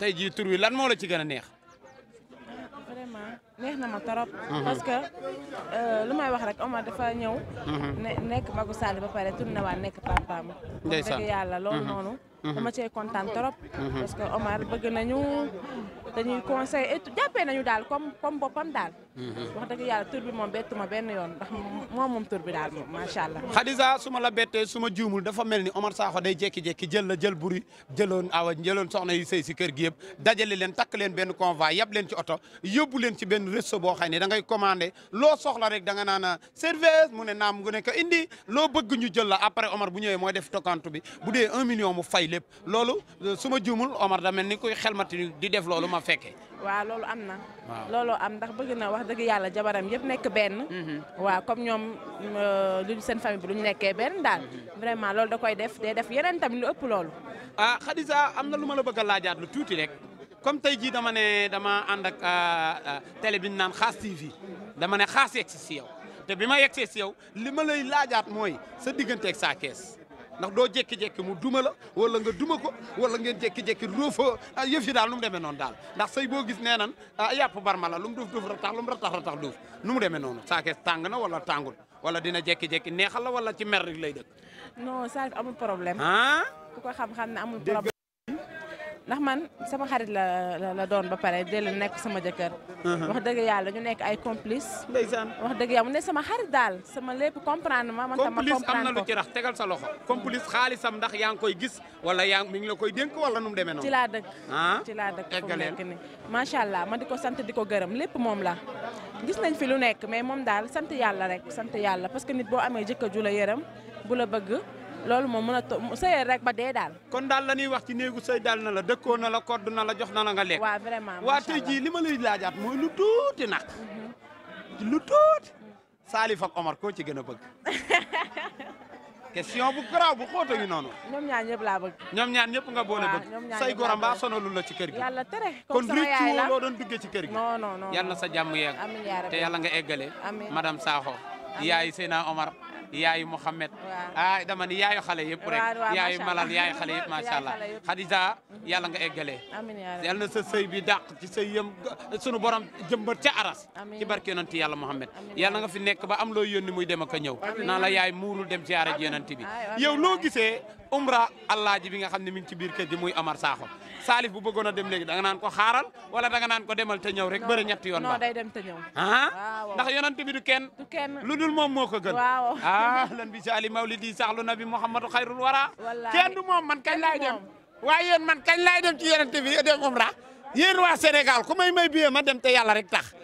tey jii tur wi lan moo la ci gën a neex. vraiment neex na ma trop. Mhm. parce que euh, lu may wax rek Omar dafa ñëw. Mhm. ne nekk Magu Sall ba pare tourné waa nekk papaam. ndeysaan dëgg yàlla loolu mhm. noonu. dama cee kontaan trop. Mhm. parce que Omar bëgg nañu dañuy conseil et jàppee nañu daal comme comme boppam daal. Mhm. wax dëgg yàlla tur moom bettu ma benn yoon ndax moom moom tur daal moom macha allah. Khadija su ma la bettee su ma juumul dafa mel ni Omar Sakho day jékki-jékki jël la jël buri jëloon awa jëloon soxna yi sëy si kër gi yëpp dajale leen takk leen benn convoi yab leen ci oto yóbbu leen ci benn resto boo xam ni da ngay commande loo soxla rek da nga naan service mu ne naam mu ne ko indi loo bëgg ñu jël la après Omar bu ñëwee mooy def tokantu bi bu dee million mu fay lépp loolu su ma juumul Omar da mel ni kuy xelmati di def loolu ma fekkee. waaw loolu am na. waaw loolu am ndax bëgg na wax dëgg yàlla jabaram yëpp nekk benn. Mhm. waaw comme ñoom euh, luñ seen famille lu ñu nekkee benn daal. Mhm. vraiment loolu da koy def day def yeneen tamit lu ëpp loolu. ah Khadija am na lu ma la bëgg a laajaat lu tuuti rek. comme tey jii dama ne dama ànd ak euh, euh, télé bi ñu naan xaas TV dama ne xaas yegg si si yow te bi ma yegg si yow li ma lay laajaat mooy sa diggante saa kees. ndax doo jékki-jékki mu duma la wala nga duma ko wala ngeen jékki-jékki róofa ah, yëf yi daal nu mu demee noonu daal ndax sëy boo gis nee nan ah, yàpp barma la lu mu duuf duuf ratax lu mu ratax ratax duuf nu mu demee noonu saakees tàng na wala tàngul wala dina jékki-jékki neexal la wala ci mer rek lay dëkk non Salif amul problème ah ku ndax man sama xarit la la doon ba pare dell la nekk sama jëkkër. Uh-huh. wax dëgg yàlla ñu nekk ay complice. ndeysaan wax dëgg yàlla mu ne sama xarit daal sama lépp comprendre ma man tam ma comprendre ko complice am na lu ci rax tegal sa loxo. complice xaalisam ndax yaa ngi koy gis wala yaa mi ngi la koy dénk nu mu demee noonu. ci laa dëkk ah, ci laa dëkk fu mu nekk macha allah ma di ko sant di ko gërëm lépp moom la. gis nañ fi lu nekk mais moom daal sant yàlla rek sant yàlla parce que nit boo amee jëkkër ju la bu la bëgg loolu moom mën a to sëyal rek ba dee daal kon daal la ñuy wax ci néegu sëy daal na la dëkkoo na la kodd na la jox na la nga lekk waaw vraiment waa tey jii li ma lay laajaat mooy lu tuuti nag mhm. lu tuuti Salif ak Omar koo ci gën a bëgg question bu garaaw bu xóota ngi noonu ñoom ñaar ñëpp laa bëgg ñoom ñaar ñëpp nga boole bëgg say goram baa sonalul la ci kër gi yàlla tere kon riccu woo loo doon duggee ci kër gi non non non yàlla sa jàmm yeeg yàlla nga eggale madame Sakho yaay Seyna Omar yaayu Mouhamed ah dama ni yaayu xale yëpp rek yaayu Malal yaayu xale yëpp macha allah Khadija yàlla nga eggalee yàlla na sa sëy bi dàq ci sëy yëm sunu borom jëmbat ca aras ci barke yonanti yàlla Mouhamed yalla nga fi nekk ba am loo yónni muy dem ak a naa la yaay muurul dem ziyaara ji yonanti bi yow loo gisee umra allaaji bi nga xam ne mi ngi ci biir kër gi muy Amar Sakho Salif bu bëggoon a dem léegi danga naan ko xaaral wala danga naan ko demal te ñëw rek bëri ñetti yoon ba non day dem te ñëw ah ndax yonent bi du kenn du kenn lu dul moom moo ko gën waaw ah lan bi saali mawlidi saxlu nabi Muhammadu xayrul wara kenn du moom man kañ laay dem waaye yéen man kañ laay dem ci yonent bi dem umra yéen waa Sénégal ku may may biyee ma dem te yàlla rek tax